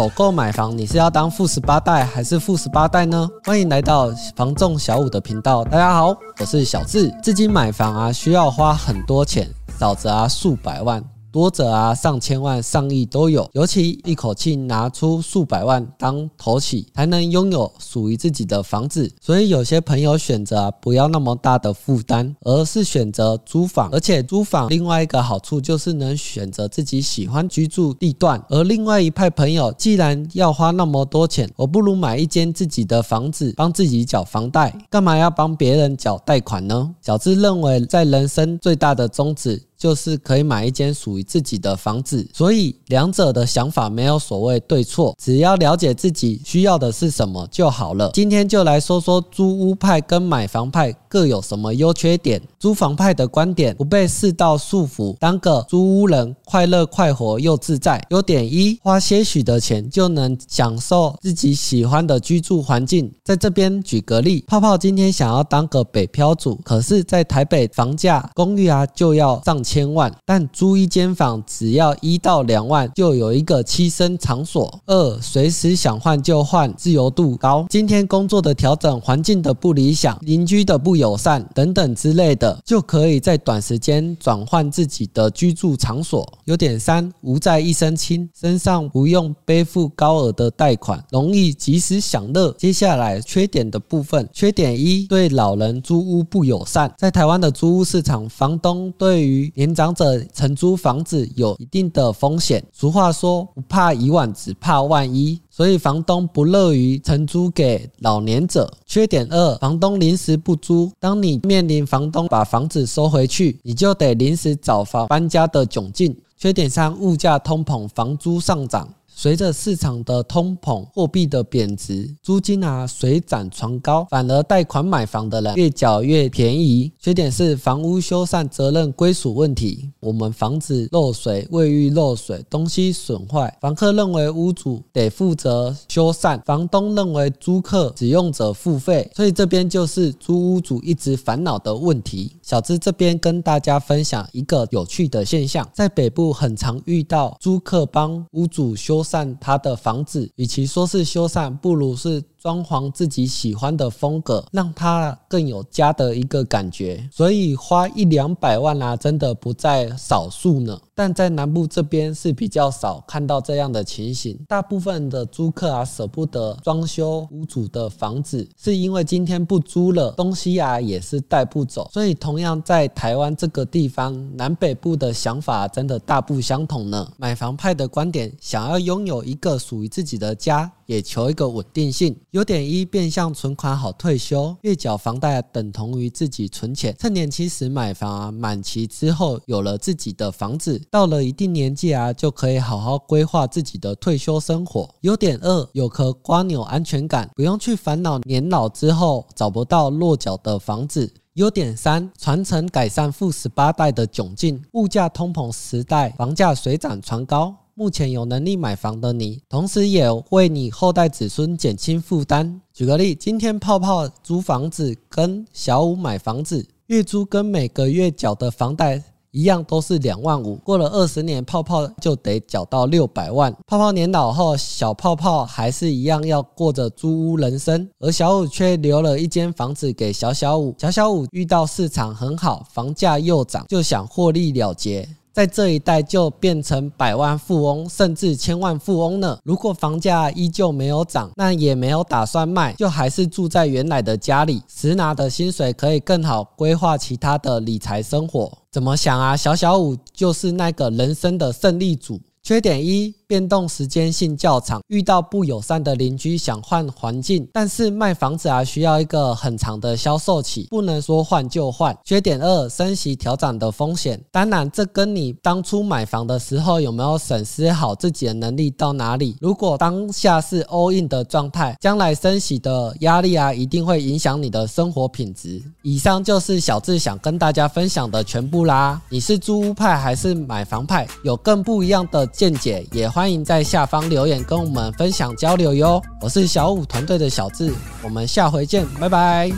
首購買房，你是要當富十八代還是富十八代呢？歡迎來到房仲小武的頻道，大家好，我是小智。自己買房啊，需要花很多錢，少則啊數百萬。多者啊，上千萬、上億都有，尤其一口氣拿出數百萬當頭期，才能擁有屬於自己的房子。所以有些朋友選擇、啊、不要那麼大的負擔，而是選擇租房。而且租房另外一個好處就是能選擇自己喜歡居住地段。而另外一派朋友，既然要花那麼多錢，我不如買一間自己的房子，幫自己繳房貸，幹嘛要幫別人繳貸款呢？小智認為，在人生最大的宗旨。就是可以買一間屬於自己的房子，所以兩者的想法沒有所謂對錯，只要了解自己需要的是什麼就好了。今天就來說說租屋派跟買房派各有什麼優缺點。租房派的觀點，不被世道束縛，當個租屋人快樂、快活又自在。優點一，花些許的錢就能享受自己喜歡的居住環境。在這邊舉個例，泡泡今天想要當個北漂族，可是，在台北房價、公寓啊就要上千萬，但租一間房只要一到兩萬，就有一個棲身場所。二，隨時想換就換，自由度高。今天工作的調整、環境的不理想、鄰居的不友善等等之類的。就可以在短時間轉換自己的居住場所。優點三，無債一身輕，身上不用背負高額的貸款，容易及時享樂。接下來，缺點的部分，缺點一，對老人租屋不友善。在台灣的租屋市場，房東對於年長者承租房子有一定的風險。俗話說，不怕一萬，只怕萬一。所以房東不樂於承租給老年者。缺點二，房東臨時不租，當你面臨房東把房子收回去，你就得臨時找房搬家的窘境。缺點三，物價通膨，房租上漲。隨着市場的通膨，貨幣的貶值，租金啊水漲船高，反而貸款買房的人越繳越便宜。缺點是房屋修繕責任歸屬問題。我們房子漏水、衛浴漏水、東西損壞，房客認為屋主得負責修繕，房東認為租客使用者付費，所以這邊就是租屋主一直煩惱的問題。小資這邊跟大家分享一個有趣的現象，在北部很常遇到租客幫屋主修繕，善他的房子，與其說是修繕，不如是，裝潢自己喜歡的風格，讓它更有家的一個感覺，所以花一兩百萬啊，真的不在少數呢。但在南部這邊是比較少看到這樣的情形，大部分的租客啊捨不得裝修屋主的房子，是因為今天不租了，東西啊也是帶不走。所以同樣在台灣這個地方，南北部的想法真的大不相同呢。買房派的觀點，想要擁有一個屬於自己的家。也求一個穩定性，優點一，變相存款好退休，月繳房貸、啊、等同於自己存錢，趁年輕時買房、啊，滿期之後有了自己的房子，到了一定年紀啊就可以好好規劃自己的退休生活。優點二，有殼蝸牛安全感，不用去煩惱年老之後找不到落腳的房子。優點三，傳承改善富十八代的窘境，物價通膨時代房價水漲船高。目前有能力買房的你，同時也為你後代子孫減輕負擔。舉個例，今天泡泡租房子，跟小五買房子，月租跟每個月繳的房貸一樣，都是兩萬五。過了二十年，泡泡就得繳到六百萬。泡泡年老後，小泡泡還是一樣要過着租屋人生，而小五卻留了一間房子給小小五。小小五遇到市場很好，房價又漲，就想獲利了結。在這一代就變成百萬富翁，甚至千萬富翁呢？如果房價依舊沒有漲，那也沒有打算賣，就還是住在原來的家裡，實拿的薪水可以更好規劃其他的理財生活。怎麼想啊？小小五就是那個人生的勝利組。缺點一。變動時間性較長，遇到不友善的鄰居想換環境，但是賣房子啊需要一個很長的銷售期，不能說換就換。缺點二，升息調整的風險。當然，這跟你當初買房的時候有沒有審視好自己的能力到哪裡。如果當下是 all in 的狀態，將來升息的壓力啊，一定會影響你的生活品質。以上就是小智想跟大家分享的全部啦。你是租屋派還是買房派？有更不一樣的見解也。歡迎在下方留言跟我們分享交流喲！我是小武團隊的小智，我們下回見，拜拜。